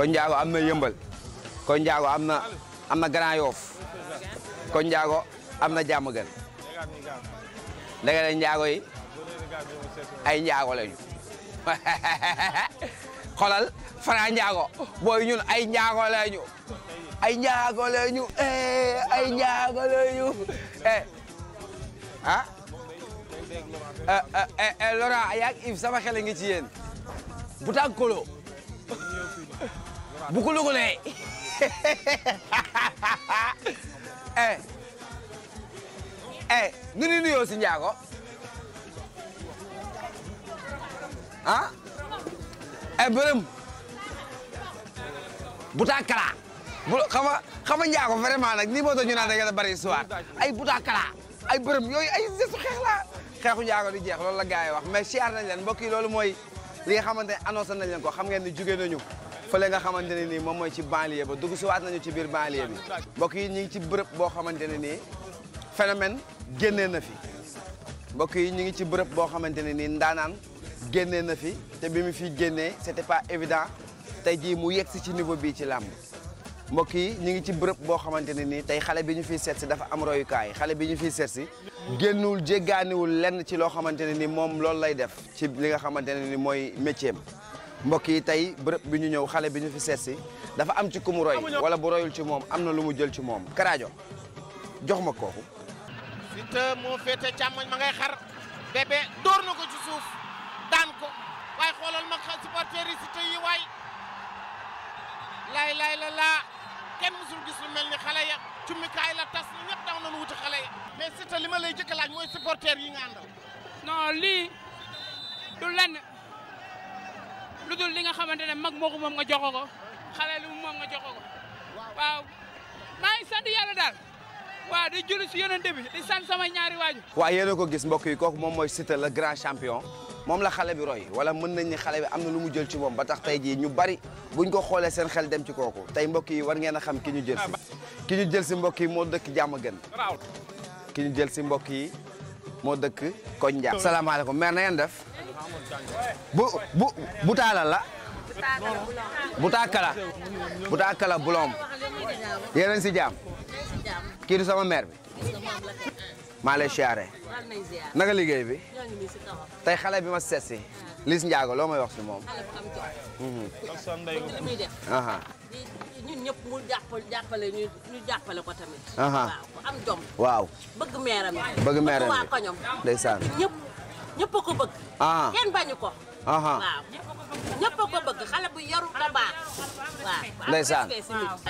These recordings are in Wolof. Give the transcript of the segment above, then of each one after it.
ko njaago am na yëmbal ko njaago am na am na Grand ko njaago am na jàmm gën ndege yi ay njaago lañu xolal fara njaago booy ay njaago lañu ay njaago lañu eh, ay njaago eh. ah. eh, yaag Yves sama xel ngi ci kolo 부글부글해. 에, 에, 눈이 눈이 어디냐고? 아? 에, bërëm butakala. bu xama xama Ndiago vraiment nag nii moo tax ñu naan da nga bari histoire ay butakala ay bërëm yooyu ay gestu xeex la xeexu Ndiago di jeex loolu la gars yi wax mais siyaar nañ leen mbokk yi loolu mooy li nga xamante ne annoncé leen ko xam ngeen ni jugee nañu. fële nga xamante ne nii moom mooy ci banlieue ba dugg si waat nañu ci biir banlieue bi mbokk yi ñu ngi ci bërëb boo xamante ne nii phénomène génnee na fi mbokk yi ñu ngi ci bërëb boo xamante ne nii ndaanaan génnee na fi te bi mu fi génnee c'était pas évident tey jii mu yegg si ci niveau bii ci làmb mbokk yi ñu ngi ci bërëb boo xamante ne nii tey xale bi ñu fiy seet dafa am royukaay xale bi ñu fi seet si génnul jéggaaniwul lenn ci loo xamante ne ni moom loolu lay def ci li nga xamante ne ni mooy métier mbokk yi tey bi ñu ñëw xale bi ñu fi seet dafa am ci ku mu roy wala bu ci moom am na lu mu jël ci moom karaajo jox ma kooku Siteu moo féete càmmoñ ma ngay xar bébé dóor na ko ci daan ko waaye xoolal ma supporter yi Siteu yi waay laay laay la laa kenn mësul gis lu ni xale ya cummikaay la tas na ñëpp daw nañu wuti xale ya mais Siteu li ma lay jëkk laaj mooy supporter yi nga àndal du lenn lu dul li nga xamante ne mag moo moom nga jox ko xale lu moom nga jox ko waaw maa sant yàlla waaw di julli si yonente bi di sant sama ñaari waaju waaw yéen a ko gis mbokk yi kooku moom mooy Siteu le grand champion moom la xale bi roy wala mën nañ ni xale bi am na lu mu jël ci moom ba tax tey jii ñu bari buñ ko xoolee seen xel dem ci kooku tey mbokk yi war ngeen a xam ki ñu jël si ki ñu jël si mbokk yi moo dëkk jàmm gën ki ñu jël si mbokk yi moo dëkk koñ njaa salaamaaleykum def bu bu bu la bu taakala bu taakala bulom yéen a si jàmm kii sama mère bi maa lay siyaare naka liggéey bi tey xale bi ma seet si Liss Ndiago loo may wax si moom mhm. ñun waaw bëgg meeram bëgg meeram waa koñom ndeysaan ñëpp a ko bëgg. Ah. kenn bañu bëgg xale bu yaru da baax. waaw ndeysaan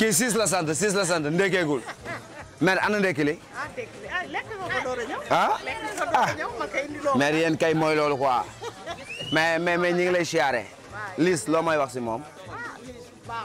kii siis la sant siis la sant ndekeegul. mère ana ndekili. ah ah, ah? mère yéen kay mooy loolu quoi. mais mais mais ñu ngi lay siyaare. Liss loo may wax si moom. Ah,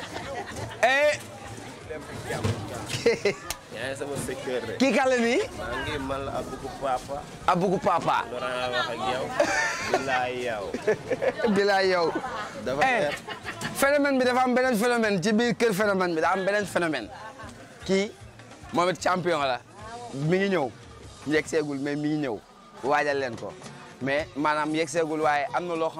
eh. sama secteur de. kii kàlla nii. maa ngi papa. abugu papa. loolaa wax ak yow. bilaay yow. bi dafa am beneen phénomène ci biir kër phénomène bi dafa am beneen phénomène. kii moom it champion la mi ngi ñëw yegg seegul mais mi ngi ñëw waajal leen ko mais maanaam yegg seegul waaye am na loo